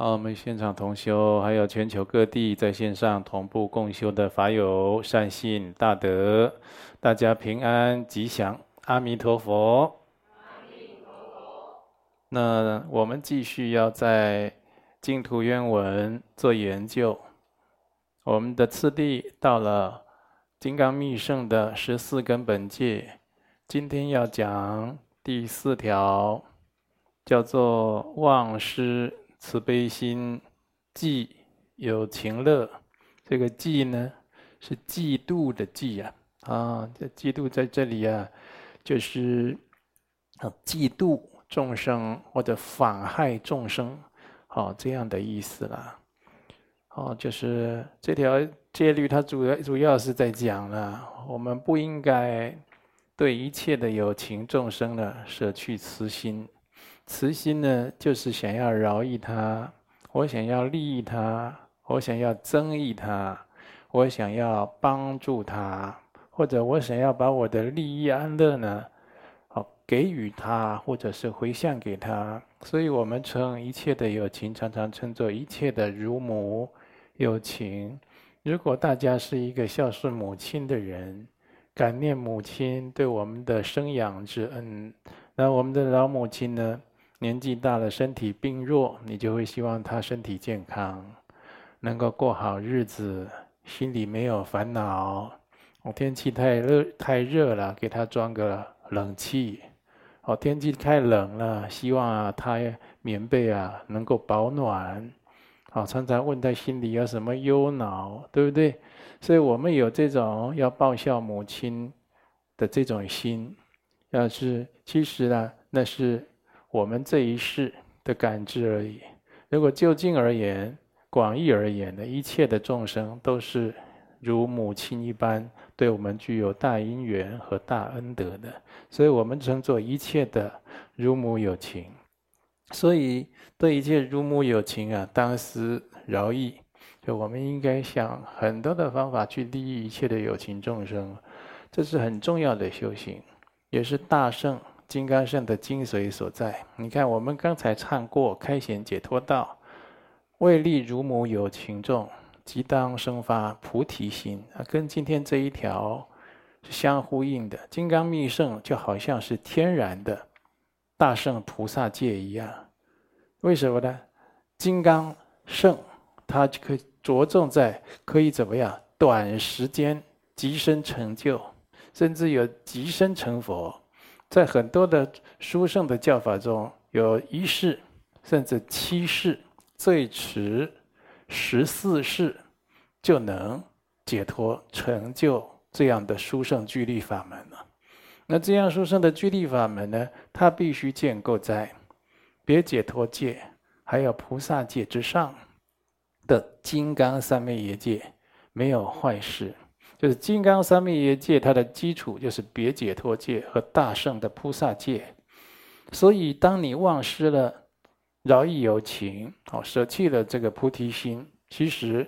啊，我們現場同修，還有全球各地在線上同步共修的法友、善信、大德，大家平安吉祥，阿彌陀佛！阿彌陀佛！那我們繼續要在淨土願文做研究。我們的次第到了《金剛密乘》的十四根本戒，今天要講第四條，叫做忘失慈悲心，嫉有情樂。這個“嫉”呢，是嫉妒的“嫉”啊！啊、哦，這嫉妒在這裡啊，就是、哦、嫉妒眾生或者妨害眾生，好、哦、這樣的意思啦，哦，就是這條戒律，它主要主要是在講了，我們不應該對一切的有情眾生呢，捨去慈心。慈心呢，就是想要饒益他，我想要利益他，我想要增益他，我想要幫助他，或者我想要把我的利益安樂呢，好給予他，或者是回向給他。所以我們稱一切的有情，常常稱作一切的如母有情。如果大家是一個孝順母親的人，感念母親對我們的生養之恩，那我們的老母親呢，年紀大了，身體病弱，你就會希望他身體健康，能夠過好日子，心裡沒有煩惱。哦，天氣太熱太熱了，給他裝個冷氣。哦，天氣太冷了，希望啊他棉被啊能夠保暖。哦，常常問他心裡有什麼憂惱，對不對？所以，我們有這種要報效母親的這種心，要是其實呢，那是。我們這一世的感知而已。如果就近而言，廣義而言呢，一切的眾生都是如母親一般，對我們具有大因緣和大恩德的，所以我們稱作一切的如母有情。所以對一切如母有情啊，當思饒益，就我們應該想很多的方法去利益一切的有情眾生，這是很重要的修行，也是大聖。金剛乘的精髓所在。你看，我們剛才唱過《開顯解脫道》，為利如母有情眾，即當生發菩提心啊，跟今天這一條是相呼應的。金剛密乘就好像是天然的大乘菩薩戒一樣。為什麼呢？金剛乘，它可以着重在可以怎麼樣？短時間即身成就，甚至有即身成佛。在很多的殊勝的教法中，有一世、甚至七世、最遲十四世就能解脫成就這樣的殊勝聚力法門了。那這樣殊勝的聚力法門呢，它必須建構在別解脫戒，還有菩薩戒之上的金剛三昧耶戒，沒有壞事。就是金剛三昧耶戒，它的基礎就是別解脫戒和大乘的菩薩戒。所以，當你忘失了饒益有情，好捨棄了這個菩提心，其實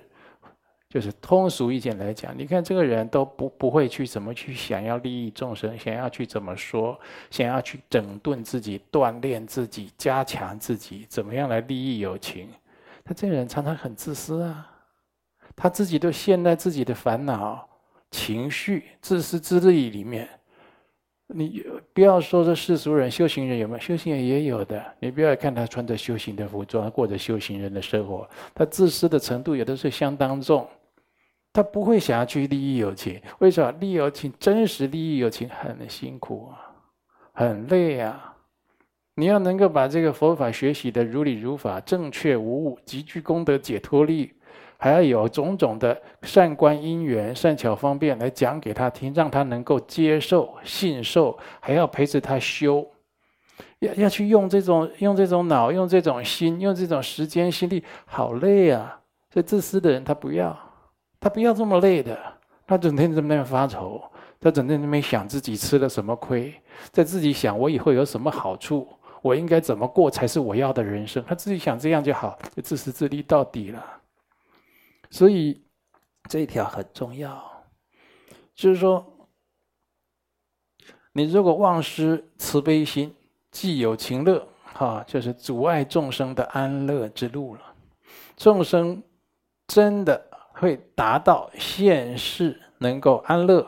就是通俗一點來講，你看這個人都不不會去怎麼去想要利益眾生，想要去怎麼說，想要去整頓自己、鍛鍊自己、加強自己，怎麼樣來利益有情？他這個人常常很自私啊，他自己都陷在自己的煩惱情緒、自私自利裡面，你不要說，這世俗人、修行人，有沒有？修行人也有的。你不要看他穿着修行的服裝，過着修行人的生活，他自私的程度有的是相當重。他不會想要去利益有情，為什麼利益有情？真實利益有情很辛苦啊，很累啊。你要能夠把這個佛法學習的如理如法、正確無誤，極具功德、解脫力，還要有種種的善觀因緣、善巧方便來講給他聽，讓他能夠接受信受，還要陪着他修，要要去用這種用這種腦、用這種心、用這種時間心力，好累啊！這自私的人他不要，他不要這麼累的，他整天在那邊發愁，他整天在那邊想自己吃了什麼虧，在自己想我以後有什麼好處，我應該怎麼過才是我要的人生？他自己想這樣就好，自私自利到底了。所以，這一條很重要，就是說，你如果忘失慈悲心，嫉有情樂，哈，就是阻礙眾生的安樂之路了。眾生真的會達到現世能夠安樂，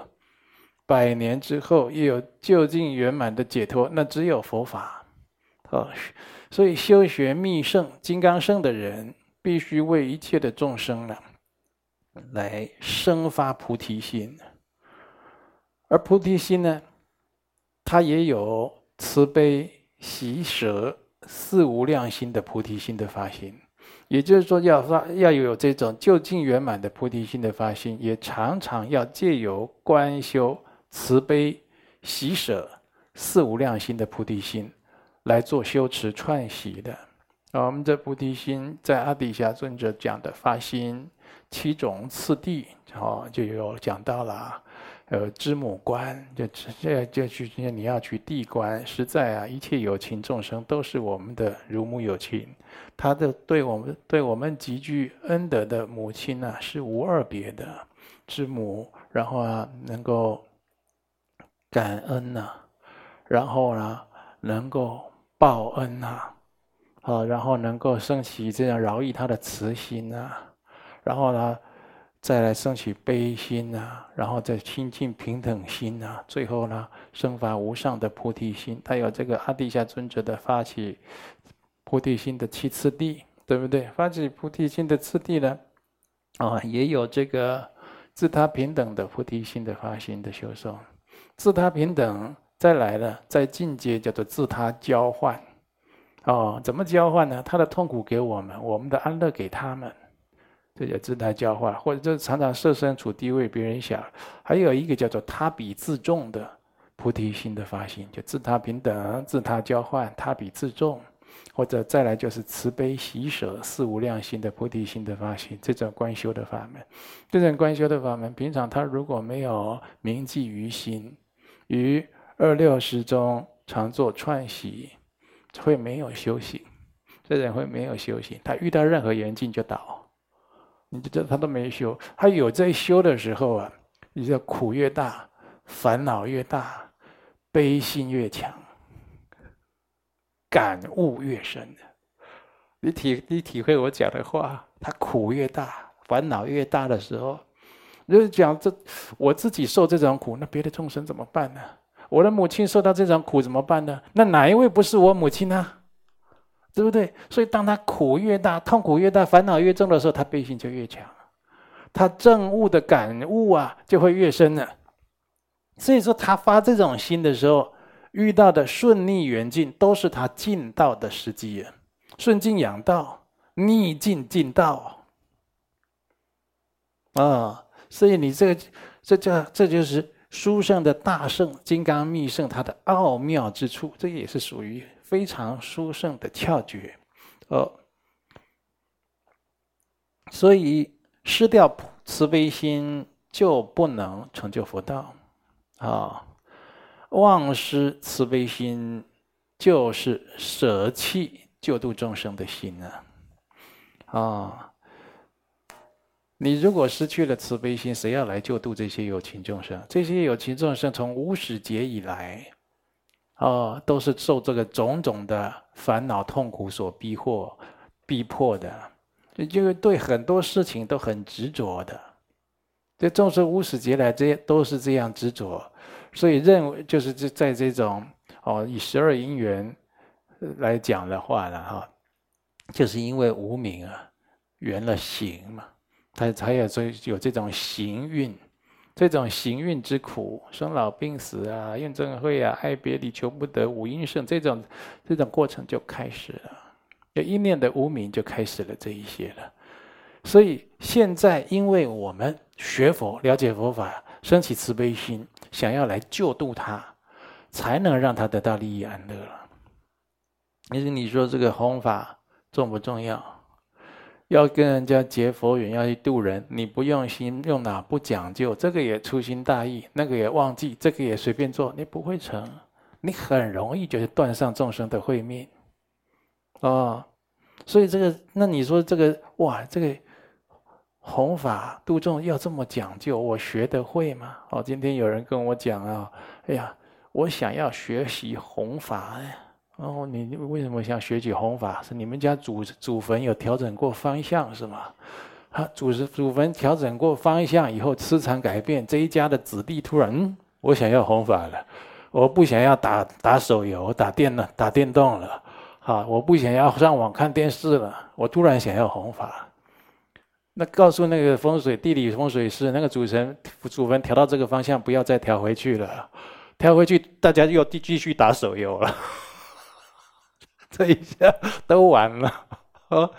百年之後又有究竟圓滿的解脫，那只有佛法，啊，所以修學密乘金剛乘的人，必須為一切的眾生呢。來生發菩提心，而菩提心呢，它也有慈悲喜舍四無量心的菩提心的發心，也就是說，要發要有這種究竟圓滿的菩提心的發心，也常常要借由觀修慈悲喜舍四無量心的菩提心來做修持串習的。啊，我們這菩提心在阿底峽尊者講的發心。七種次第，就有講到了，呃，知母觀，就直接就去，你要去地觀。實在啊，一切有情眾生都是我們的如母有情，他的對我們對我們極具恩德的母親呢、啊，是無二別的知母。然後啊，能夠感恩呐、啊，然後呢、啊，能夠報恩吶，好，然後能夠升起這樣饒益他的慈心吶、啊。然後呢，再來升起悲心啊，然後再親近平等心啊，最後呢，生發無上的菩提心。他有這個阿底峽尊者的發起菩提心的七次第，對不對？發起菩提心的次第呢，啊、哦，也有這個自他平等的菩提心的發心的修受，自他平等再來了，在進階叫做自他交換，哦，怎麼交換呢？他的痛苦給我們，我們的安樂給他們。這叫自他交換，或者就是常常設身處地為別人想。還有一個叫做他比自重的菩提心的發心，就自他平等、自他交換、他比自重，或者再來就是慈悲喜舍四無量心的菩提心的發心，這種觀修的法門。這種觀修的法門，平常他如果沒有銘記於心，於二六時中常做串習，會沒有修行。這人會沒有修行，他遇到任何緣境就倒。你就這，他都沒修。他有在修的時候啊，你知道，苦越大，煩惱越大，悲心越強，感悟越深。你體你體會我講的話，他苦越大，煩惱越大的時候，就是講這我自己受這種苦，那別的眾生怎麼辦呢？我的母親受到這種苦怎麼辦呢？那哪一位不是我母親呢？對不對？所以當他苦越大，痛苦越大，煩惱越重的時候，他悲心就越強，他證悟的感悟啊就會越深了。所以說，他發這種心的時候，遇到的順逆緣境都是他進道的時機啊。順境養道，逆境進，進道。啊、哦，所以你這個，這叫這就是書上的大乘金剛密乘他的奧妙之處，這個也是屬於。非常殊勝的竅訣，哦，所以失掉慈悲心就不能成就佛道，啊、哦，忘失慈悲心就是捨棄救度眾生的心啊，啊、哦，你如果失去了慈悲心，誰要來救度這些有情眾生？這些有情眾生從無始劫以來。哦，都是受這個種種的煩惱痛苦所逼迫、逼迫的，就因為對很多事情都很執着的，這眾生無始劫來，這都是這樣執着，所以認為就是這在這種哦，以十二因緣來講的話呢哈、哦，就是因為無明啊，緣了行嘛，他才有這有這種行運。這種行運之苦，生老病死啊，怨憎會啊，愛別離，求不得，五陰盛，這種，這種過程就開始了，一念的無明就開始了這一些了。所以現在，因為我們學佛、了解佛法，升起慈悲心，想要來救度他，才能讓他得到利益安樂了。其實你說這個弘法重不重要？要跟人家結佛緣，要去度人，你不用心，用哪不講究，這個也粗心大意，那個也忘記，這個也隨便做，你不會成，你很容易就是斷上眾生的慧命哦，所以這個，那你說這個，哇，這個弘法度眾要這麼講究，我學得會嗎？哦，今天有人跟我講啊，哎呀，我想要學習弘法呀。哦，你為什麼想學起弘法？是你們家祖祖墳有調整過方向是嗎？啊，祖是祖墳調整過方向以後，磁場改變，這一家的子弟突然，嗯、我想要弘法了，我不想要打打手遊、打電腦、打電動了，啊，我不想要上網看電視了，我突然想要弘法。那告訴那個風水地理風水師，那個祖神祖墳調到這個方向，不要再調回去了，調回去大家又繼繼續打手遊了。這一下都完了，哦，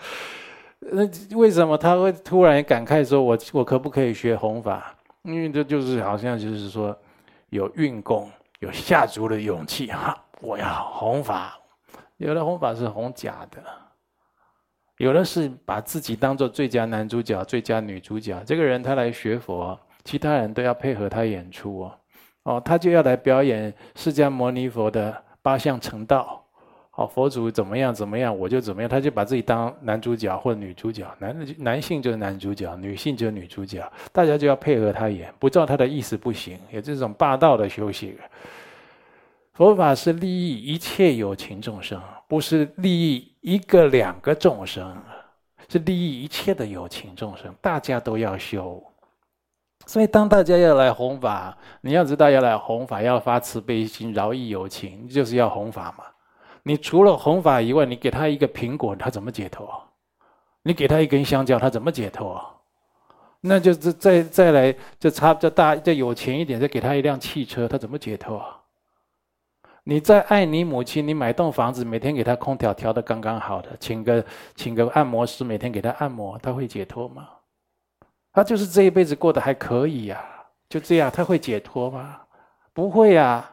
那為什麼他會突然感慨說：“我我可不可以學弘法？”因為這就是好像就是說有運功，有下足的勇氣啊！我要弘法，有的弘法是弘假的，有的是把自己當做最佳男主角、最佳女主角。這個人他來學佛，其他人都要配合他演出哦，哦，他就要來表演釋迦牟尼佛的八相成道。哦，佛祖怎麼樣怎麼樣，我就怎麼樣。他就把自己當男主角或女主角，男的男性就是男主角，女性就是女主角，大家就要配合他演。不照他的意思不行，有這種霸道的修行。佛法是利益一切有情眾生，不是利益一個兩個眾生，是利益一切的有情眾生，大家都要修。所以，當大家要來弘法，你要知道要來弘法，要發慈悲心，饒益有情，就是要弘法嘛。你除了弘法以外，你給他一個蘋果，他怎麼解脫？你給他一根香蕉，他怎麼解脫？那就再再再來，就差就大，就有錢一點，再給他一輛汽車，他怎麼解脫啊？你再愛你母親，你買棟房子，每天給他空調調的剛剛好的，請個請個按摩師，每天給他按摩，他會解脫嗎？他就是這一輩子過得還可以呀、啊，就這樣，他會解脫嗎？不會呀、啊。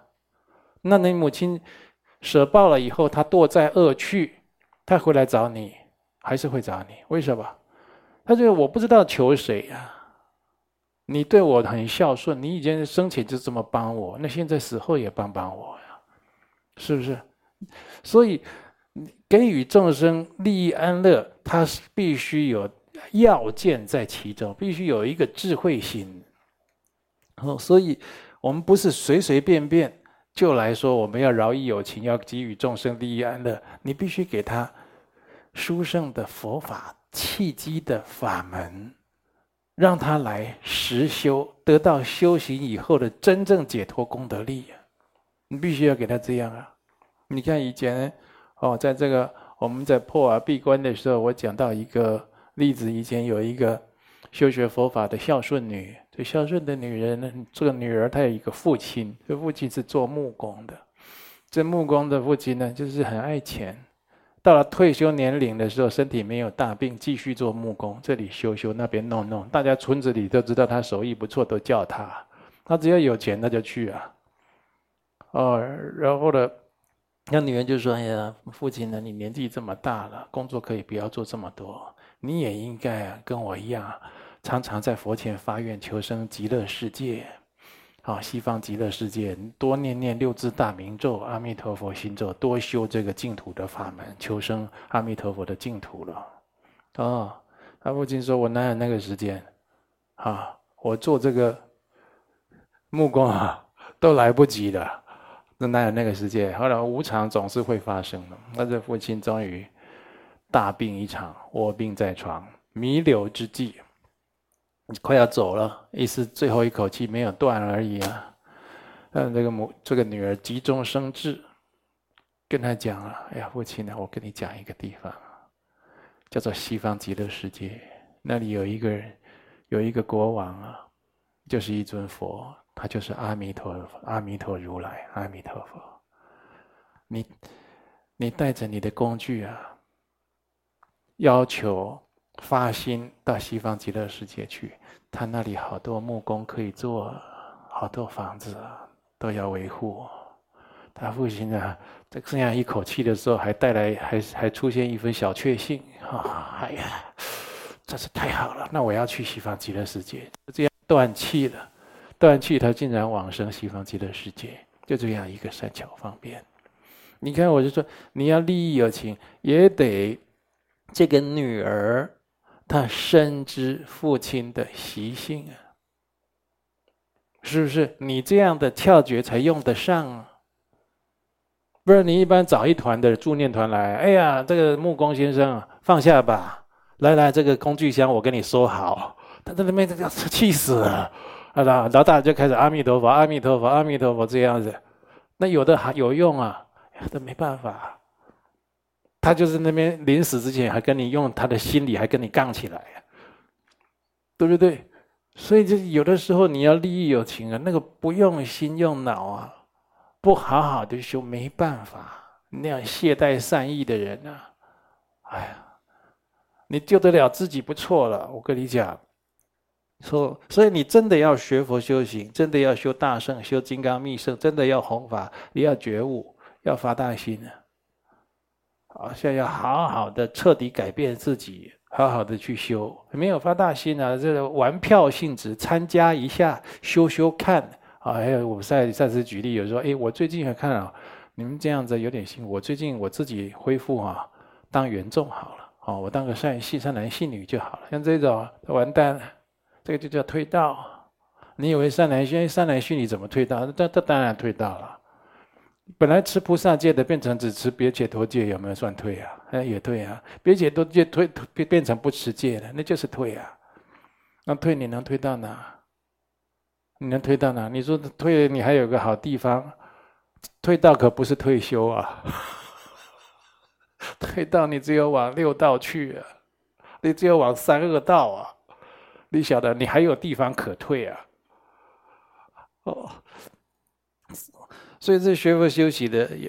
那你母親？捨報了以後，他墮在惡趣，他回來找你，還是會找你。為什麼？他就說：“我不知道求誰呀！你對我很孝順，你以前生前就這麼幫我，那現在死後也幫幫我呀，是不是？”所以，給予眾生利益安樂，他是必須有要件在其中，必須有一個智慧心。哦，所以我們不是隨隨便便。就來說，我們要饒益有情，要給予眾生利益安樂，你必須給他殊勝的佛法契機的法門，讓他來實修，得到修行以後的真正解脫功德力。你必須要給他這樣啊！你看以前哦，在這個我們在破瓦閉關的時候，我講到一個例子，以前有一個修學佛法的孝順女。最孝順的女人呢，這個女兒她有一個父親，這父親是做木工的。這木工的父親呢，就是很愛錢。到了退休年齡的時候，身體沒有大病，繼續做木工，這裡修修那邊弄弄，大家村子裡都知道他手藝不錯，都叫他。他只要有錢，他就去啊。哦，然後呢，那女人就說：“哎呀，父親呢？你年紀這麼大了，工作可以不要做這麼多，你也應該跟我一樣。”常常在佛前發願求生極樂世界，啊，西方極樂世界多念念六字大明咒，阿彌陀佛心咒，多修這個淨土的法門，求生阿彌陀佛的淨土了。哦，他父親說：“我哪有那個時間？啊，我做這個木工啊，都來不及的，那哪有那個時間？”後來無常總是會發生的，他的父親終於大病一場，臥病在床，彌留之際。快要走了，意思最後一口氣沒有斷而已啊。嗯，這個母，這個女兒急中生智，跟她講了，啊：“哎呀，父親啊，我跟你講一個地方，叫做西方極樂世界，那裡有一個人，有一個國王啊，就是一尊佛，他就是阿彌陀佛，阿彌陀如來，阿彌陀佛。你你帶着你的工具啊，要求。”發心到西方極樂世界去，他那裡好多木工可以做，好多房子都要維護。他父親啊，在剩下一口氣的時候，還帶來還還出現一份小確幸啊！哎呀，真是太好了！那我要去西方極樂世界，就這樣斷氣了。斷氣，他竟然往生西方極樂世界，就這樣一個善巧方便。你看，我就說你要利益有情，也得這個女兒。他深知父親的習性啊，是不是？你這樣的竅訣才用得上啊。不然你一般找一團的助念團來，哎呀，這個木工先生放下吧，來來，這個工具箱我跟你收好，他在那邊要氣死啊！啊，老大就開始阿彌陀佛，阿彌陀佛，阿彌陀佛這樣子，那有的還有用啊，這沒辦法。他就是那邊臨死之前還跟你用他的心理還跟你槓起來呀、啊，對不對？所以就有的時候你要利益有情啊，那個不用心用腦啊，不好好的修，沒辦法，那樣懈怠善意的人啊，哎呀，你救得了自己不錯了。我跟你講，說，所以你真的要學佛修行，真的要修大乘，修金剛密乘，真的要弘法，你要覺悟，要發大心啊。現在要好好的徹底改變自己，好好的去修，沒有發大心啊，這個玩票性質，參加一下修修看。啊、哦，還、哎、有我再再次舉例，有說，哎，我最近還看啊你們這樣子有點辛苦。我最近我自己恢復啊，當原眾好了，啊、哦，我當個善善男信女就好了。像這種完蛋了，這個就叫退道。你以為善男信善男信女怎麼退道？這這當然退道了。本來持菩薩戒的，變成只持別解脫戒，有沒有算退啊？也退啊！別解脫戒退，退變成不持戒了，那就是退啊。那退你能退到哪？你能退到哪？你說退你還有個好地方，退到可不是退休啊。 退到你只有往六道去，啊，你只有往三惡道啊！你曉得，你還有地方可退啊。哦。所以這學佛修行的也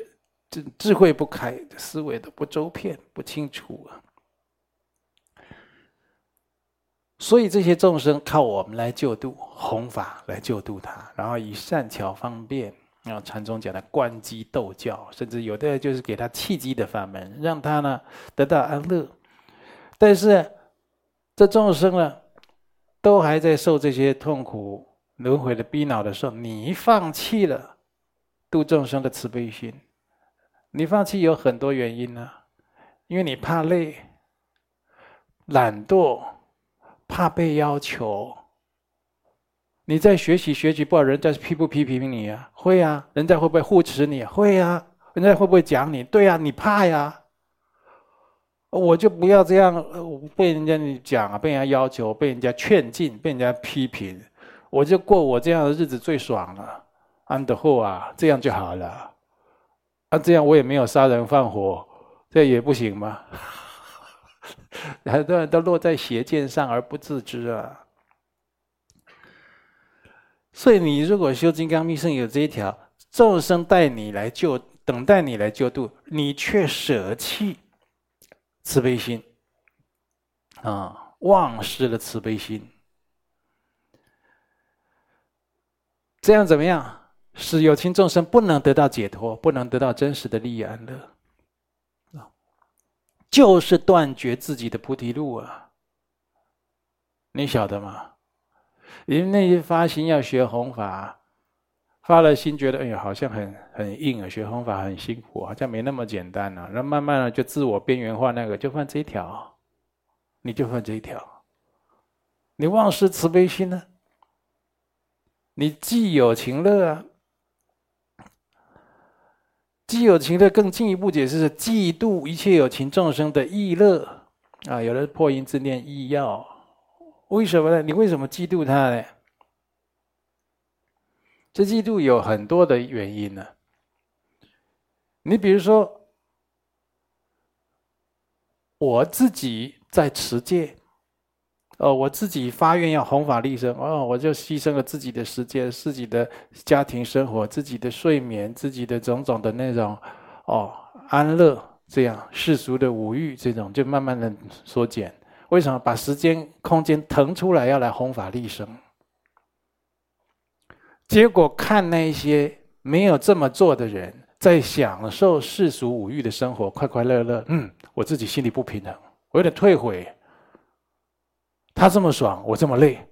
這智慧不開，思維都不周遍不清楚啊。所以這些眾生靠我們來救度，弘法來救度他，然後以善巧方便，然後禪宗講的觀機逗教，甚至有的人就是給他契機的法門，讓他呢得到安樂。但是這眾生呢，都還在受這些痛苦輪迴的逼惱的時候，你放棄了。度眾生的慈悲心，你放棄有很多原因呢、啊，因為你怕累、懶惰、怕被要求。你在學習學習不好，人家是批不批評你啊？會啊，人家會不會護持你？會啊，人家會不會講你？對啊，你怕呀、啊。我就不要這樣，我被人家講啊，被人家要求，被人家勸進，被人家批評，我就過我這樣的日子最爽了。安得貨啊，這樣就好了。啊，這樣我也沒有殺人放火，這也不行嗎？很多人都落在邪見上而不自知啊。所以，你如果修《金剛密乘》有這一條，眾生帶你來救，等待你來救度，你卻舍棄慈悲心啊、嗯，忘失了慈悲心，這樣怎麼樣？使有情眾生不能得到解脫，不能得到真實的利益安樂，啊，就是斷絕自己的菩提路啊！你曉得嗎？你那些發心要學弘法，發了心覺得哎呀，好像很很硬啊，學弘法很辛苦，好像沒那麼簡單、啊、然那慢慢的就自我邊緣化，那個就犯這一條，你就犯這一條，你忘失慈悲心呢、啊？你嫉有情樂啊？嫉有情樂，更進一步解釋是嫉妒一切有情眾生的意樂啊，有的破音字念意要，為什麼呢？你為什麼嫉妒他呢？這嫉妒有很多的原因呢、啊。你比如說，我自己在持戒。哦，我自己發願要弘法利生，哦，我就犧牲了自己的時間、自己的家庭生活、自己的睡眠、自己的種種的那種哦安樂，這樣世俗的五欲，這種就慢慢的縮減。為什麼把時間、空間騰出來要來弘法利生？結果看那些沒有這麼做的人，在享受世俗五欲的生活，快快樂樂。嗯，我自己心裡不平衡，我有點退悔。他這麼爽，我這麼累，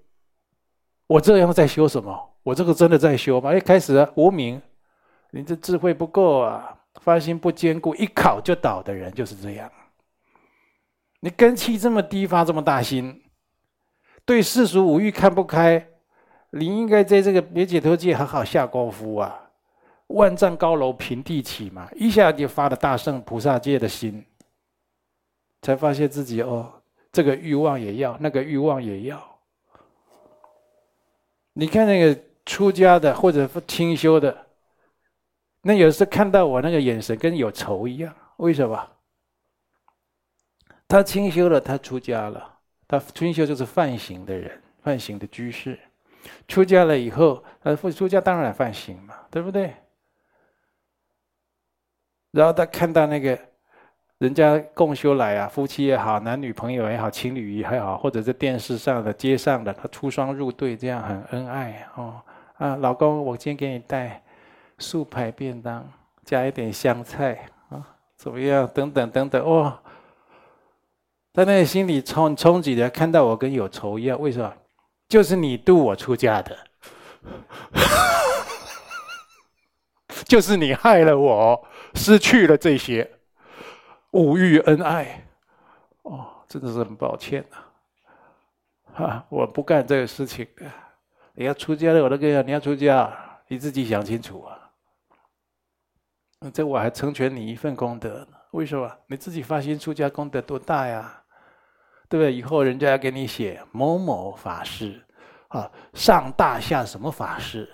我這樣在修什麼？我這個真的在修嗎？一開始、啊、無明，你這智慧不夠啊，發心不堅固，一考就倒的人就是這樣。你根基這麼低，發這麼大心，對世俗五欲看不開，你應該在這個別解脫戒好好下功夫啊！萬丈高樓平地起嘛，一下就發了大乘菩薩戒的心，才發現自己哦。這個欲望也要，那個欲望也要。你看那個出家的或者清修的，那有時候看到我那個眼神跟有仇一樣，為什麼？他清修了，他出家了，他清修就是梵行的人，梵行的居士，出家了以後，呃，出家當然梵行嘛，對不對？然後他看到那個。人家共修來啊，夫妻也好，男女朋友也好，情侶也還好，或者是電視上的、街上的，他出雙入對，這樣很恩愛哦。啊，老公，我今天給你帶素排便當，加一點香菜啊、哦，怎麼樣？等等等等，哦，在那裡心裡憧憧憬憬的，看到我跟有仇一樣，為什麼？就是你度我出家的， 就是你害了我，失去了這些。五欲恩愛，哦，真的是很抱歉吶、啊，哈、啊，我不幹這個事情。你要出家，我都跟你講，你要出家，你自己想清楚啊。那這我還成全你一份功德，為什麼？你自己發心出家功德多大呀？對不對？以後人家要給你寫某某法師，啊，上大下什麼法師，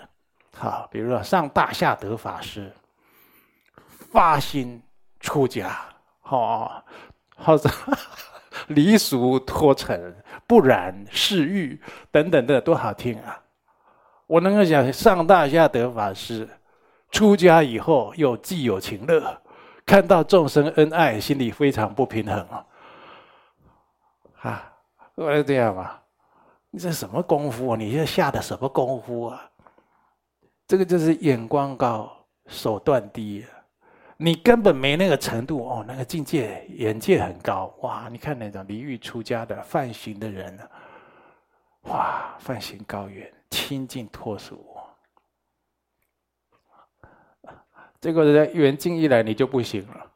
好，比如說上大下德法師，發心出家。哦，好，或者離俗脫塵，不染世欲，等等的，多好聽啊！我能夠想上大下德法師出家以後，又嫉有情樂，看到眾生恩愛，心裡非常不平衡啊！啊，我要這樣吧，你這什麼功夫啊？你這下的什麼功夫啊？這個就是眼光高，手段低，啊。你根本沒那個程度哦，那個境界、眼界很高哇！你看那種離欲出家的、梵行的人，啊，哇，梵行高遠，清淨脫俗。結果人家遠近一來，你就不行了。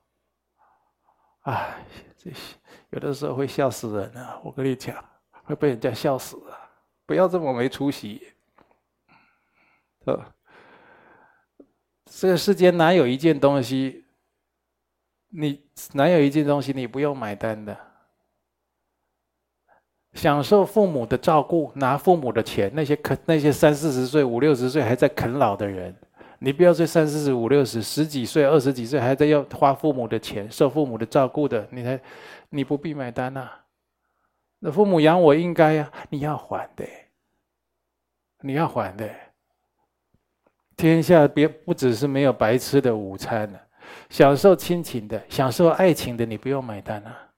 哎，這些有的時候會笑死人啊！我跟你講，會被人家笑死啊！不要這麼沒出息，呃。這個世間哪有一件東西？你哪有一件東西你不用買單的？享受父母的照顧，拿父母的錢，那些啃那些三四十歲、五六十歲還在啃老的人，你不要說三四十、五六十、十、十幾歲、二十幾歲還在要花父母的錢、受父母的照顧的，你才你不必買單吶。那父母養我應該呀、啊，你要還的，你要還的。天下別不只是沒有白吃的午餐了，享受親情的、享受愛情的，你不用買單了！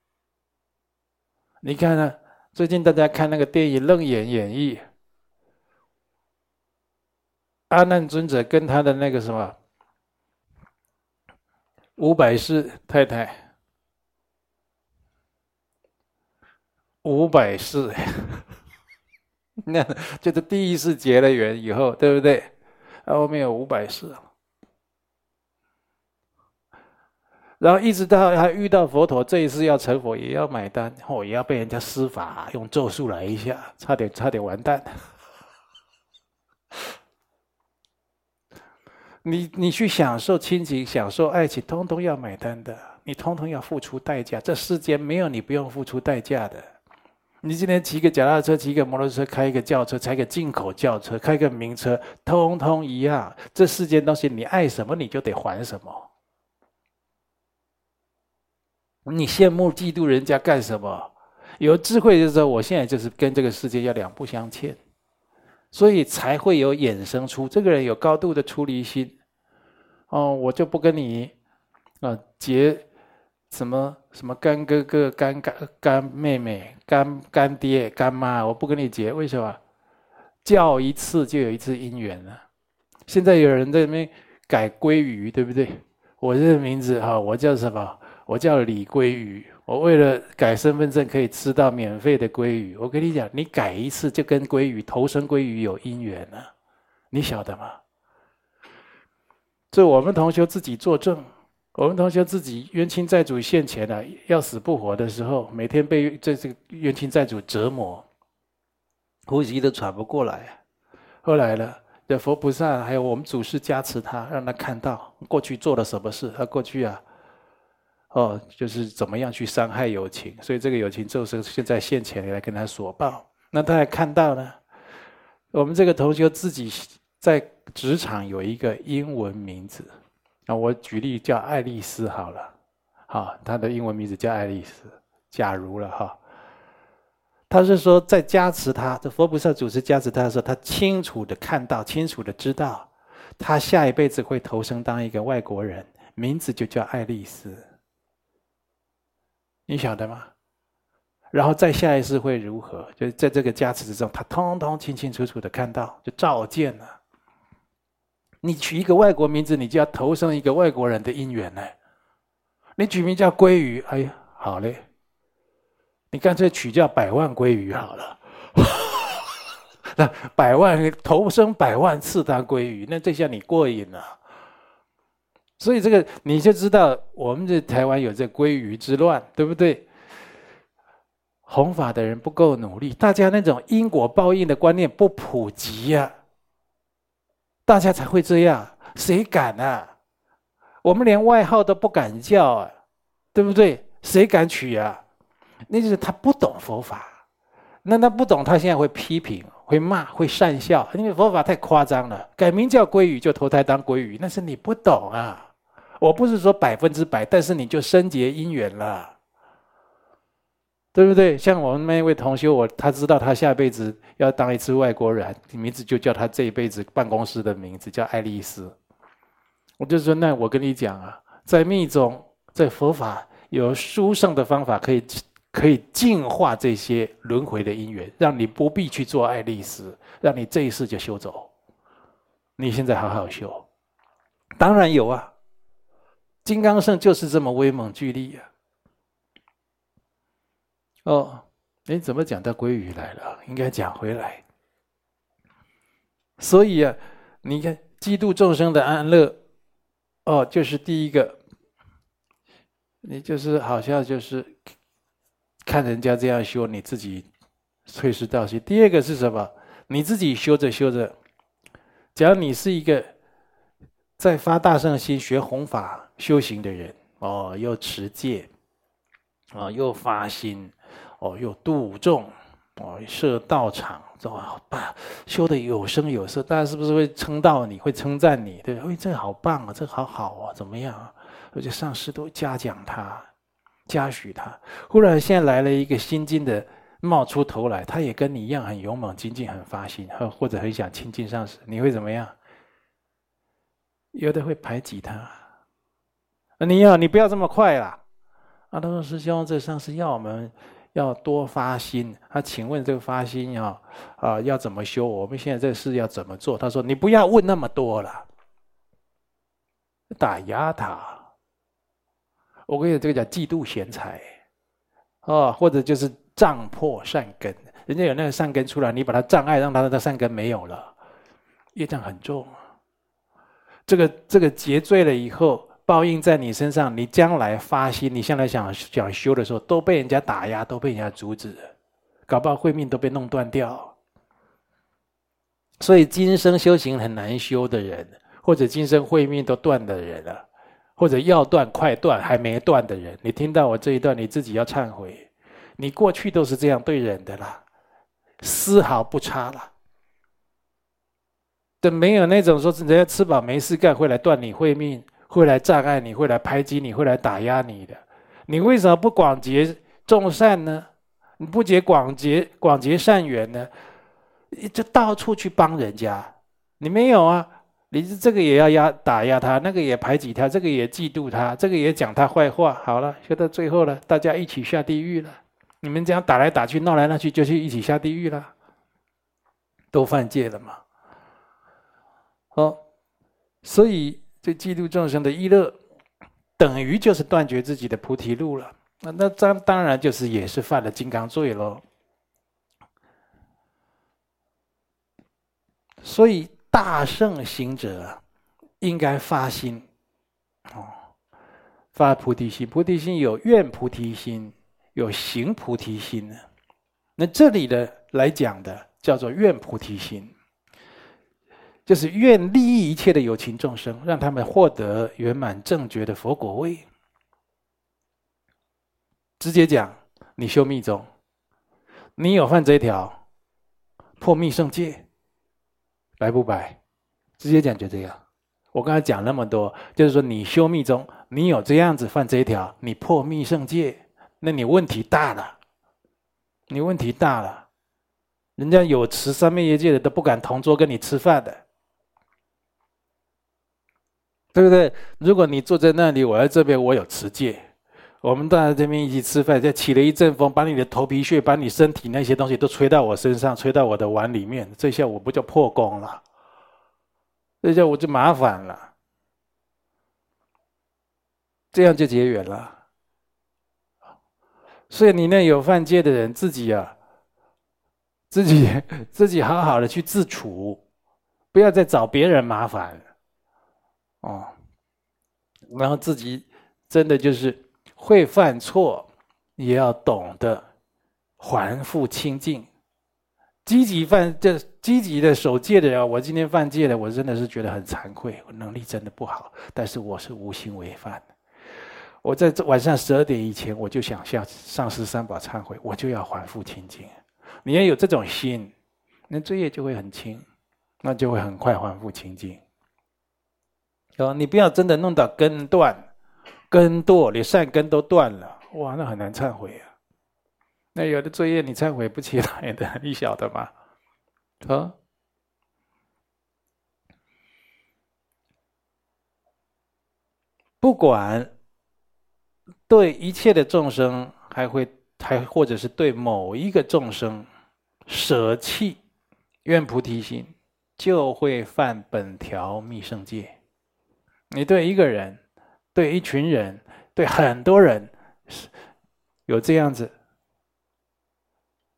你看呢、啊？最近大家看那個電影《楞嚴演義》，阿難尊者跟他的那個什麼五百世太太，五百世，那 就是第一世結了緣以後，對不對？然後面有五百世。然後一直到他遇到佛陀，這一次要成佛，也要買單，然後也要被人家施法用咒術來一下，差點差點完蛋。你你去享受親情，享受愛情，通通要買單的，你通通要付出代價。這世間沒有你不用付出代價的。你今天騎個腳踏車，騎個摩托車，開一個轎車，開個進口轎車，開個名車，通通一樣。這世間東西，你愛什麼你就得還什麼。你羨慕嫉妒人家幹什麼？有智慧就說我現在就是跟這個世界要兩不相欠，所以才會有衍生出這個人有高度的出離心。哦，我就不跟你，啊結。什麼什麼乾哥哥、乾乾乾妹妹、乾乾爹、乾媽，我不跟你結，為什麼？叫一次就有一次姻緣呢？現在有人在那邊改鮭魚，對不對？我這個名字哈，我叫什麼？我叫李鮭魚。我為了改身份證，可以吃到免費的鮭魚。我跟你講，你改一次就跟鮭魚投生鮭魚有姻緣了，你曉得嗎？這我們同學自己作證。我們同學自己冤親債主現前啊，要死不活的時候，每天被這這個冤親債主折磨，呼吸都喘不過來。後來了，這佛菩薩還有我們祖師加持他，讓他看到過去做了什麼事。他過去啊，哦，就是怎麼樣去傷害有情，所以這個有情就是現在現前來跟他索報。那他還看到呢，我們這個同學自己在職場有一個英文名字。那我舉例叫愛麗絲好了，好，她的英文名字叫愛麗絲。假如了哈，他是說在加持他，這佛菩薩祖師加持他的時候，他清楚的看到，清楚的知道，他下一輩子會投生當一個外國人，名字就叫愛麗絲，你曉得嗎？然後在下一世會如何？就在這個加持之中，他通通清清楚楚的看到，就照見了。你取一個外國名字，你就要投生一個外國人的因緣呢。你取名叫鮭魚，哎呀，好嘞。你乾脆取叫百萬鮭魚好了。那百萬投生百萬次當鮭魚，那這下你過癮了。所以這個你就知道，我們這台灣有這鮭魚之亂，對不對？弘法的人不夠努力，大家那種因果報應的觀念不普及呀、啊。大家才會這樣，誰敢呢、啊？我們連外號都不敢叫，啊，對不對？誰敢娶呀？那就是他不懂佛法，那他不懂，他現在會批評、會罵、會訕笑，因為佛法太誇張了。改名叫鮭魚就投胎當鮭魚，那是你不懂啊！我不是說百分之百，但是你就深結因緣了。對不對？像我們那位同修，我他知道他下輩子要當一次外國人，名字就叫他這一輩子辦公室的名字叫愛麗絲。我就說，那我跟你講啊，在密宗，在佛法有殊勝的方法，可以可以淨化這些輪回的因緣，讓你不必去做愛麗絲，讓你這一世就修走。你現在好好修，當然有啊，金剛聖就是這麼威猛巨力呀。哦，哎，你怎麼講到鮭魚來了？應該講回來。所以啊，你看，嫉妒眾生的安樂，哦，就是第一個，你就是好像就是看人家這樣修，你自己退失道心。第二個是什麼？你自己修着修着，假如你是一個在發大善心、學弘法、修行的人，哦，又持戒，啊、哦，又發心。哦，有度眾哦設道場，哇、啊，好、哦、棒，修得有聲有色，大家是不是會稱道你？你會稱讚你，對，對，喂、哎，這個好棒啊，這個好好啊，怎麼樣、啊？而且上師都嘉獎他，嘉許他。忽然現在來了一個新進的，冒出頭來，他也跟你一樣很勇猛精進，很發心，或者很想親近上師。你會怎麼樣？有的會排擠他，啊、你要你不要這麼快啦。啊，他說：“師兄，這上師要我們。”要多發心。他請問這個發心啊，啊，要怎麼修？我們現在這事要怎麼做？他說：“你不要問那麼多了，打壓他。我跟你講，這個叫嫉妒賢才，哦，或者就是障破善根。人家有那個善根出來，你把他障礙，讓他的善根沒有了。業障很重，這個這個結罪了以後。”報應在你身上，你將來發心，你現在想想修的時候，都被人家打壓，都被人家阻止，搞不好慧命都被弄斷掉。所以今生修行很難修的人，或者今生慧命都斷的人了，或者要斷快斷還沒斷的人，你聽到我這一段，你自己要懺悔，你過去都是這樣對人的啦，絲毫不差啦。等沒有那種說人家吃飽沒事幹會來斷你慧命。會來障礙你，會來排擠你，會來打壓你的。你為什麼不廣結眾善呢？你不結廣結廣結善緣呢？你就到處去幫人家，你沒有啊？你是這個也要壓打壓他，那個也排擠他，這個也嫉妒他，這個也講他壞話。好了，就到最後了，大家一起下地獄了。你們這樣打來打去，鬧來鬧去，就去一起下地獄了，都犯戒了嘛。好，所以。這嫉妒眾生的意樂，等於就是斷絕自己的菩提路了。那那當當然就是也是犯了金剛罪了。所以大乘行者應該發心，哦，發菩提心。菩提心有願菩提心，有行菩提心呢，那這裡的來講的叫做願菩提心。就是願利益一切的有情眾生，讓他們獲得圓滿正覺的佛果位。直接講，你修密宗，你有犯這一條，破密聖戒，白不白？直接講就這樣，我剛才講那麼多，就是說你修密宗，你有這樣子犯這一條，你破密聖戒，那你問題大了。你問題大了，人家有持三昧耶戒的都不敢同桌跟你吃飯的。對不對？如果你坐在那裡，我在這邊，我有持戒。我們大家這邊一起吃飯，再起了一陣風，把你的頭皮屑、把你身體那些東西都吹到我身上，吹到我的碗裡面，這下我不就破功了，這下我就麻煩了。這樣就結緣了。所以你那有犯戒的人，自己啊，自己自己好好的去自處，不要再找別人麻煩。哦、嗯，然後自己真的就是會犯錯，也要懂得還復清淨。積極犯這積極的守戒的人，我今天犯戒了，我真的是覺得很慚愧，我能力真的不好，但是我是無心違犯。我在這晚上十二點以前，我就想向上師三寶懺悔，我就要還復清淨。你要有這種心，那罪業就會很輕，那就會很快還復清淨。哦，你不要真的弄到根斷、根墮，你善根都斷了，哇，那很難懺悔啊！那有的罪業你懺悔不起來的，你曉得吧？啊、嗯，不管對一切的眾生還，還會還或者是對某一個眾生，捨棄願菩提心，就會犯本條密乘戒。你對一個人，對一群人，對很多人，是有這樣子。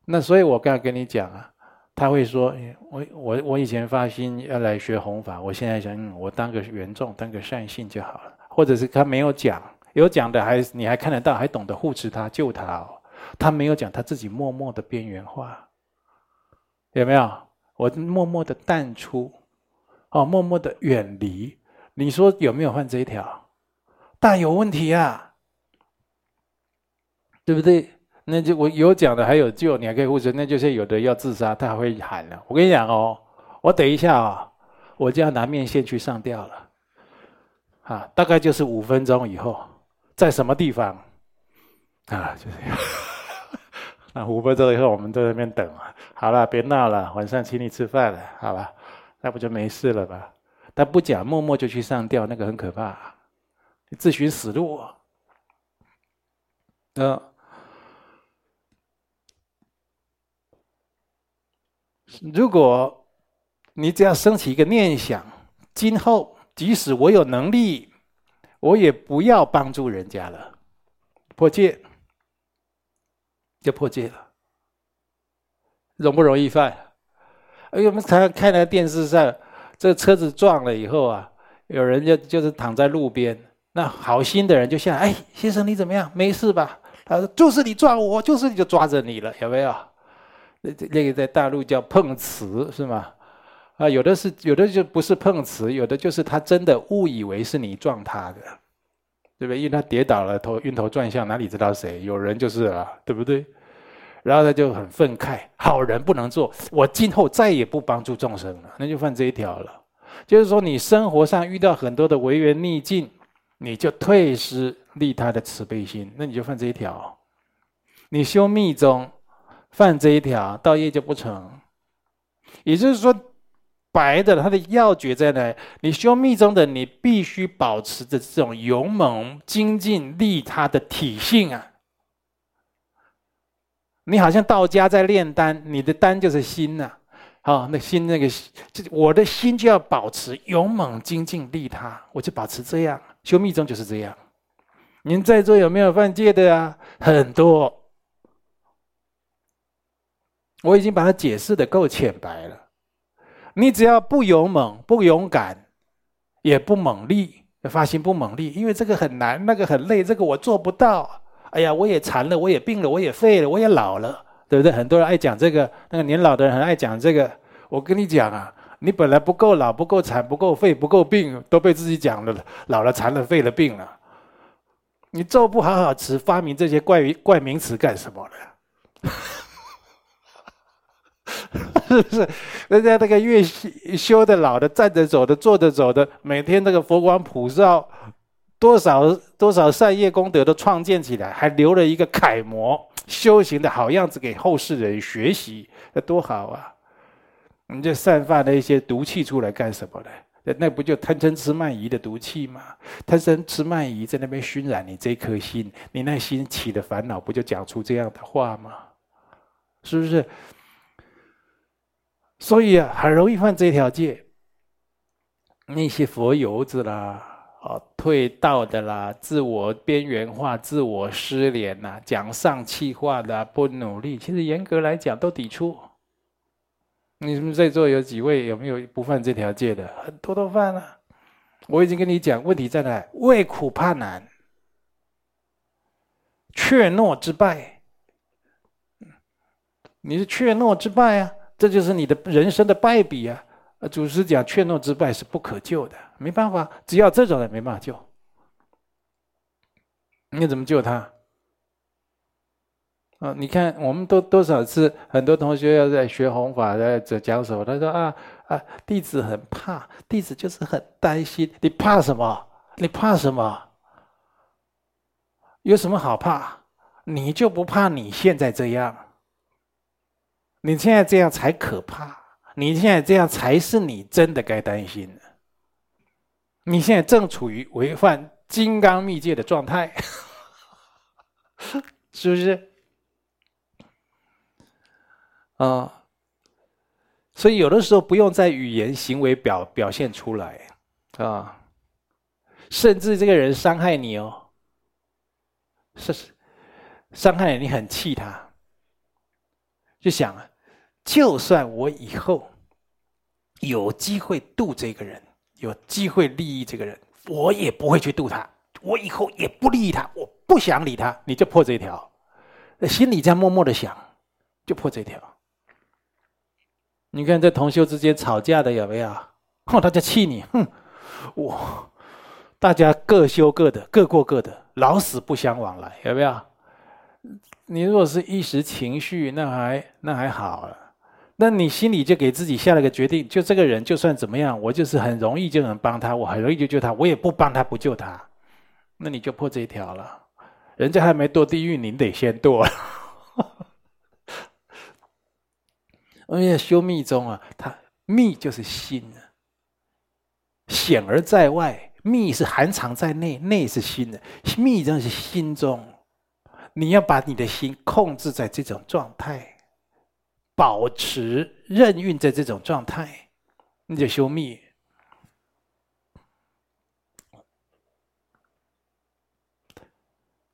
那所以我剛才跟你講啊，他會說，我我我以前發心要來學弘法，我現在想，嗯，我當個原眾，當個善信就好了。或者是他沒有講，有講的還你還看得到，還懂得護持他、救他哦。他沒有講，他自己默默的邊緣化，有沒有？我默默的淡出，哦，默默的遠離。你說有沒有犯這一條？大有問題啊。對不對？那就我有講的還有救，你還可以呼救。那就是有的要自殺，他還會喊了。我跟你講哦，我等一下啊、哦，我就要拿麵線去上吊了。啊，大概就是五分鐘以後，在什麼地方？啊，就這樣。那、 啊、五分鐘以後，我們在那邊等啊。好了，別鬧了，晚上請你吃飯了，好吧？那不就沒事了吧？他不講，默默就去上吊，那個很可怕，自尋死路。嗯、呃，如果你只要升起一個念想，今後即使我有能力，我也不要幫助人家了，破戒就破戒了，容不容易犯？哎呦，我們才看了電視上。這個車子撞了以後啊，有人就就是躺在路邊，那好心的人就下來，哎，先生你怎麼樣？沒事吧？他說就是你撞我，就是你就抓着你了，有沒有？那那個在大陸叫碰瓷是嗎？啊，有的是，有的就不是碰瓷，有的就是他真的誤以為是你撞他的，對不對？因為他跌倒了頭，頭暈頭轉向，哪裡知道誰？有人就是了，啊，對不對？然後他就很憤慨，好人不能做，我今後再也不幫助眾生了。那就犯這一條了，就是說你生活上遇到很多的違緣逆境，你就退失利他的慈悲心，那你就犯這一條。你修密宗犯這一條，道業就不成。也就是說，白的他的要訣在哪？你修密宗的，你必須保持着這種勇猛精進利他的體性啊。你好像道家在煉丹，你的丹就是心吶，啊，好，那心那個我的心就要保持勇猛精進利他，我就保持這樣修密宗就是這樣。您在座有沒有犯戒的啊？很多，我已經把它解釋得夠淺白了。你只要不勇猛，不勇敢，也不猛力，發心不猛力，因為這個很難，那個很累，這個我做不到。哎呀，我也殘了，我也病了，我也廢了，我也老了，對不對？很多人愛講這個，那個年老的人很愛講這個。我跟你講啊，你本來不夠老，不夠慘，不夠廢，不夠病，都被自己講了，老了、殘了、廢了、病了。你咒不好好持，發明這些怪怪名詞幹什麼呢？ 是不是？人家那個越修的老的，站着走的，坐着走的，每天那個佛光普照。多少多少善業功德都創建起來，還留了一個楷模修行的好樣子給後世人學習，那多好啊！你這散發的一些毒氣出來幹什麼呢？那不就貪嗔癡慢疑的毒氣嗎？貪嗔癡慢疑在那邊熏染你這顆心，你那心起的煩惱，不就講出這樣的話嗎？是不是？所以啊，很容易犯這條戒。那些佛油子啦。退道的啦，自我邊緣化，自我失聯啦，講喪氣話的、啊，不努力，其實嚴格來講都抵觸。你們在座有幾位有沒有不犯這條戒的？很多都犯了、啊。我已經跟你講，問題在哪？畏苦怕難，怯懦之敗。你是怯懦之敗啊！這就是你的人生的敗筆啊！啊！祖師講怯懦之輩是不可救的，沒辦法，只要這種人沒辦法救。你怎麼救他？啊、呃！你看，我們都多少次，很多同學要在學弘法，的在講什麼？他說啊啊，弟子很怕，弟子就是很擔心。你怕什麼？你怕什麼？有什麼好怕？你就不怕你現在這樣？你現在這樣才可怕。你現在這樣才是你真的該擔心的。你現在正處於違反金剛密戒的狀態，是不是？啊，所以有的時候不用在語言、行為表表現出來啊，甚至這個人傷害你哦，是是傷害你，很氣他，就想啊。就算我以後有機會度這個人，有機會利益這個人，我也不會去度他，我以後也不利益他，我不想理他。你就破這一條，心裡在默默的想，就破這一條。你看，在同修之間吵架的有沒有？哼、哦，他就氣你，哼，我、哦，大家各修各的，各過各的，老死不相往來，有沒有？你如果是一時情緒，那還那還好了。那你心裡就給自己下了個決定，就這個人就算怎麼樣，我就是很容易就能幫他，我很容易就救他，我也不幫他不救他，那你就破這一條了。人家還沒墮地獄，你得先墮。因為修密宗啊，他密就是心啊，顯而在外，密是含藏在內，內是心的，密就是心中，你要把你的心控制在這種狀態。保持任運的這種狀態，你就修密；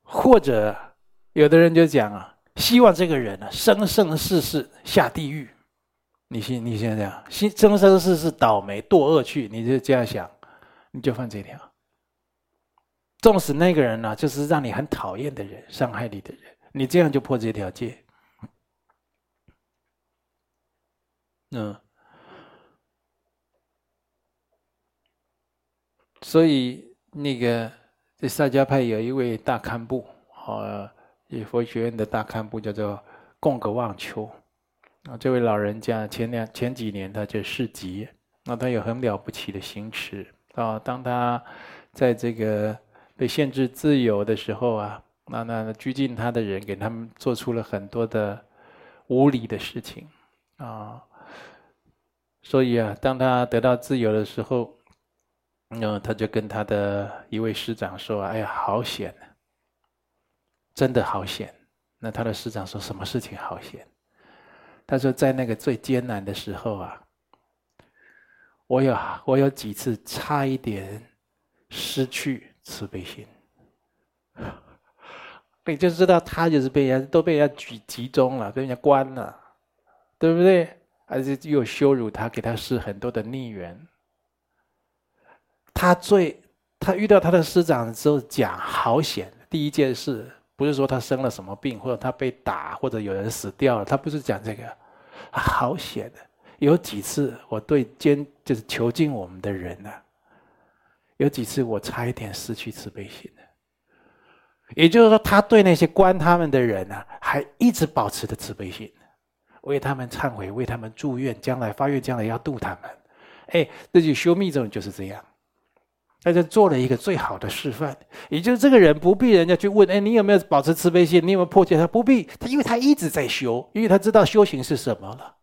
或者有的人就講啊，希望這個人啊生生世世下地獄，你先你先這樣生生世世倒霉墮惡趣，你就這樣想，你就犯這條。縱使那個人呢、啊，就是讓你很討厭的人、傷害你的人，你這樣就破這條戒。嗯，所以那個在薩迦派有一位大堪布啊，也、哦、佛學院的大堪布叫做貢格旺丘，啊、哦。這位老人家前兩前幾年他就示寂，那、哦、他有很了不起的行持啊、哦。當他在這個被限制自由的時候啊，啊那那拘禁他的人給他們做出了很多的無理的事情啊。哦所以啊，當他得到自由的時候，嗯，他就跟他的一位師長說：“哎呀，好險！真的好險！”那他的師長說什麼事情好險？他說：“在那個最艱難的時候啊，我有我有幾次差一點失去慈悲心。 ”你就知道他就是被人家都被人家集集中了，被人家關了，對不對？而且又羞辱他，給他施很多的逆緣。他最，他遇到他的師長之後講好險，第一件事不是說他生了什麼病，或者他被打，或者有人死掉了，他不是講這個。好險的，有幾次我對監就是囚禁我們的人呢、啊，有幾次我差一點失去慈悲心的。也就是說，他對那些關他們的人呢、啊，還一直保持着慈悲心。為他們懺悔，為他們祝願，將來發願，將來要度他們。哎，這就修密宗就是這樣。他就做了一個最好的示範，也就是這個人不必人家去問：哎，你有沒有保持慈悲心？你有沒有破戒？他不必，他因為他一直在修，因為他知道修行是什麼了。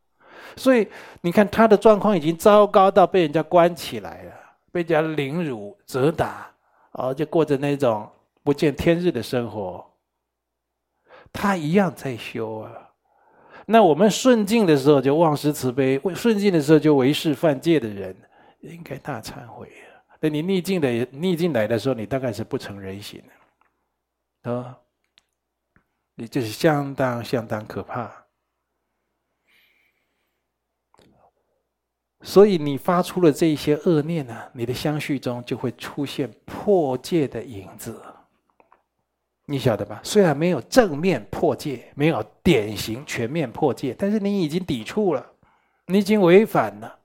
所以你看他的狀況已經糟糕到被人家關起來了，被人家凌辱、責打，而且過着那種不見天日的生活。他一樣在修啊。那我們順境的時候就忘失慈悲，順境的時候就違誓犯戒的人，應該大懺悔啊！等你逆境的逆境來的時候，你大概是不成人形的，啊，你就是相當相當可怕。所以你發出了這些惡念呢、啊，你的相續中就會出現破戒的影子。你曉得吧？雖然沒有正面破戒，沒有典型全面破戒，但是你已經抵觸了，你已經違反了，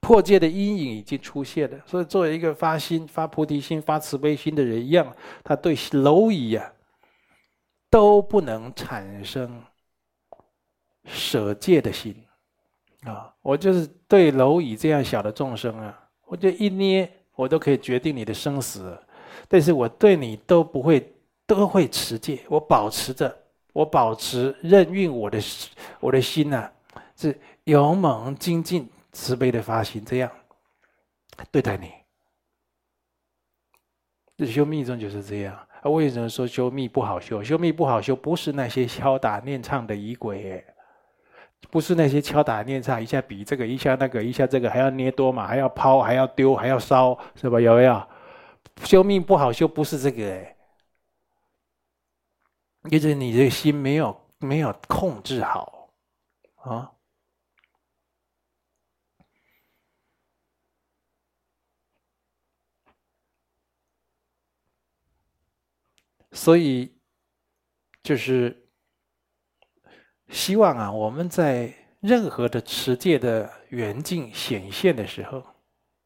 破戒的陰影已經出現了。所以，作為一個發心、發菩提心、發慈悲心的人一樣，他對螻蟻啊都不能產生捨戒的心啊！我就是對螻蟻這樣小的眾生啊，我就一捏，我都可以決定你的生死。但是我對你都不會都會持戒，我保持着，我保持任運我的我的心吶、啊，是勇猛精進慈悲的發心，這樣對待你。這修密宗就是這樣。啊，為什麼說修密不好修？修密不好修，不是那些敲打念唱的儀軌，不是那些敲打念唱一下比這個一下那個一下這個還要捏多嘛，還要拋，還要丟，還要燒，是吧，有沒有？修命不好修，不是這個，也就是你的心沒有沒有控制好啊。所以就是希望啊，我們在任何的世界的緣境顯現的時候。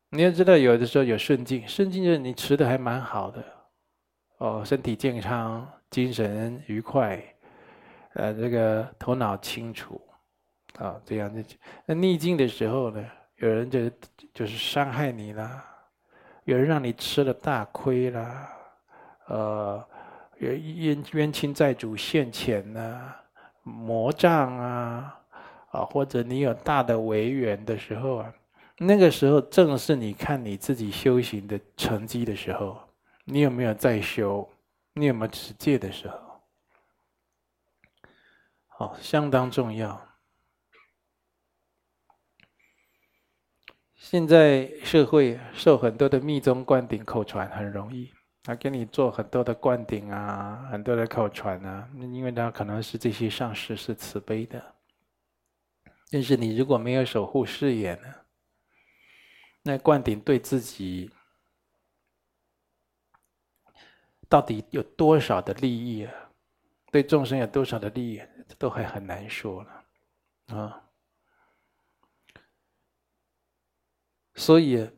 你要知道，有的時候有順境，順境就是你吃的還蠻好的，哦，身體健康，精神愉快，呃，這個頭腦清楚，啊、哦，這樣就。那逆境的時候呢，有人就就是傷害你啦，有人讓你吃了大虧啦，呃，冤冤冤親債主現前吶、啊，魔障啊，啊、哦，或者你有大的違緣的時候啊。那個時候，正是你看你自己修行的成績的時候。你有沒有在修？你有沒有持戒的時候？好，相當重要。現在社會受很多的密宗灌頂口傳很容易，他給你做很多的灌頂啊，很多的口傳啊，因為他可能是這些上師是慈悲的。但是你如果沒有守護誓言呢？那灌頂對自己到底有多少的利益啊？對眾生有多少的利益啊，都還很難說了啊！所以，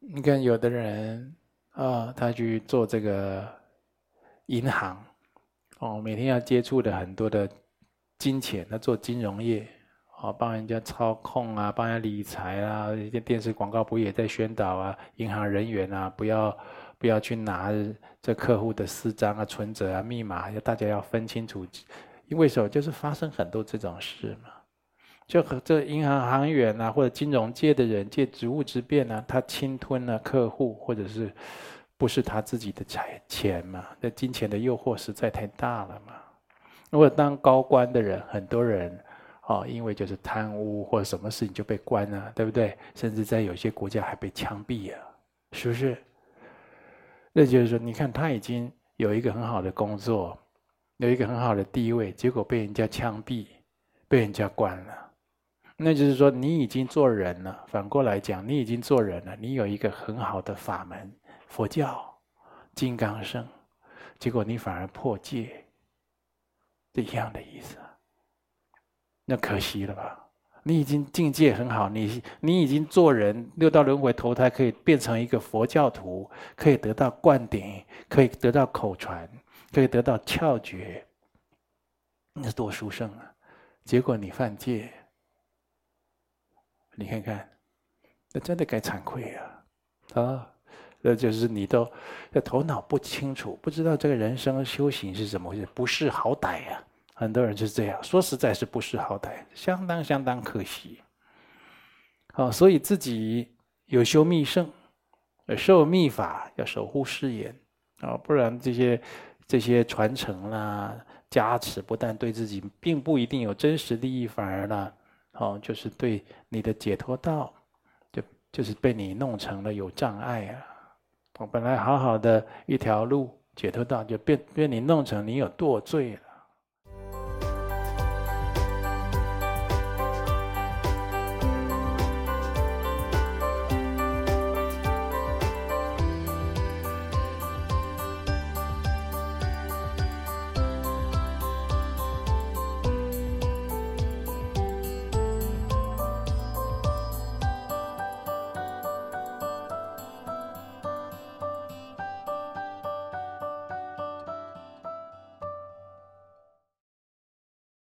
你看有的人啊，他去做這個銀行哦，每天要接觸的很多的金錢，他做金融業。哦，幫人家操控啊，幫人家理財啊，一些電視廣告不也在宣導啊？銀行人員啊，不要不要去拿這客戶的私章啊、存折啊、密碼啊，要大家要分清楚。因為什麼？就是發生很多這種事嘛。就和這銀行行員啊，或者金融界的人借職務之便呢，他侵吞了客戶，或者是不是他自己的財錢嘛？這金錢的誘惑實在太大了嘛。如果當高官的人，很多人。哦，因為就是貪污或者什麼事情就被關了，對不對？甚至在有些國家還被槍斃了，是不是？那就是說，你看他已經有一個很好的工作，有一個很好的地位，結果被人家槍斃，被人家關了。那就是說，你已經做人了。反過來講，你已經做人了，你有一個很好的法門——佛教、金剛身，結果你反而破戒，這樣的意思。那可惜了吧？你已經境界很好，你你已經做人六道輪迴投胎，可以變成一個佛教徒，可以得到灌頂，可以得到口傳，可以得到竅訣，那是多殊勝啊！結果你犯戒，你看看，那真的該慚愧啊！啊，那就是你都頭腦不清楚，不知道這個人生修行是怎麼回事，不識好歹呀、啊！很多人就是這樣，說實在是不識好歹，相當相當可惜。哦，所以自己有修密聖，有受密法要守護誓言啊，不然這些這些傳承啦加持，不但對自己並不一定有真實利益，反而呢，哦，就是對你的解脫道，就就是被你弄成了有障礙啊！我本來好好的一條路解脫道，就變被你弄成你有墮罪啊。